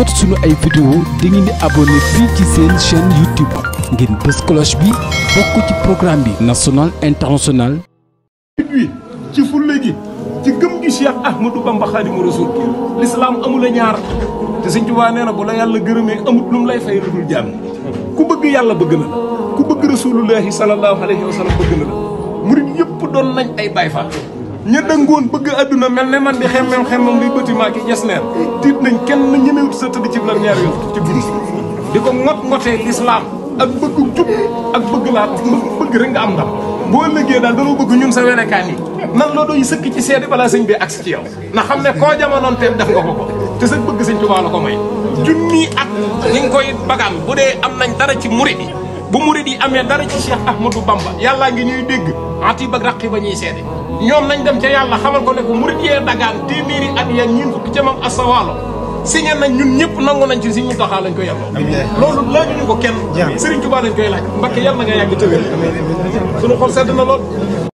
jot suñu ay vidéo da ngeen di abonné fi ci seen chaîne YouTube ngeen bës cloche bi bokku ci programme bi national international bi ci fulla gi ci gëm gi Cheikh Ahmadou Bamba Khadimou Rassoul l'islam amul ñaar te Seigne Touba nee bu la Yalla gërëmee amul lu lay fay lu dul ku bëgg Yalla bëgg na la ku bëgg rasulullahi sallallahu alayhi wa sallam bëgg na la murid yëpp doon nañ ay Baay Faal ña dëngoon bëgg aduna mel ne man di xemmem xemmem luy bâtiment ki ñes neen tiit nañ kenn ñemewut sa tëdd ci la ñaar yoon ci guddi di ko ngot ngotee lislaam ak bëgg jub ak bëgg laa bëgg rek nga am ndam boo liggéey daal dañoo bëgg ñun sa werekaan yi nan loo doy sëkk ci seede balaa sëñ bi agsi ci yow na xam ne koo jamonoon teen def nga ko ko te sa bëgg sëñ Tuubaa la ko may junni at ñi ngi koy bagaan bu dee am nañ dara ci mu yi bu murid yi amee dara ci Cheikh Ahmadou Bamba yàllaa ngi ñuy dégg atiib ba raqib ba ñuy seede ñoom nañ dem ca yàlla xamal ko ne ko murid yee dagaan téeméeri at ya ñiin fukki ca mam assawaalo signé nañ ñun ñëpp nangu nañ ci si ñu taxaa lañ ko yàlla loolu laajuñu ko kenn Serigne Touba lañ koy laaj Mbakke yàlla na nga yàgg tëwér suñu xol sedd na lool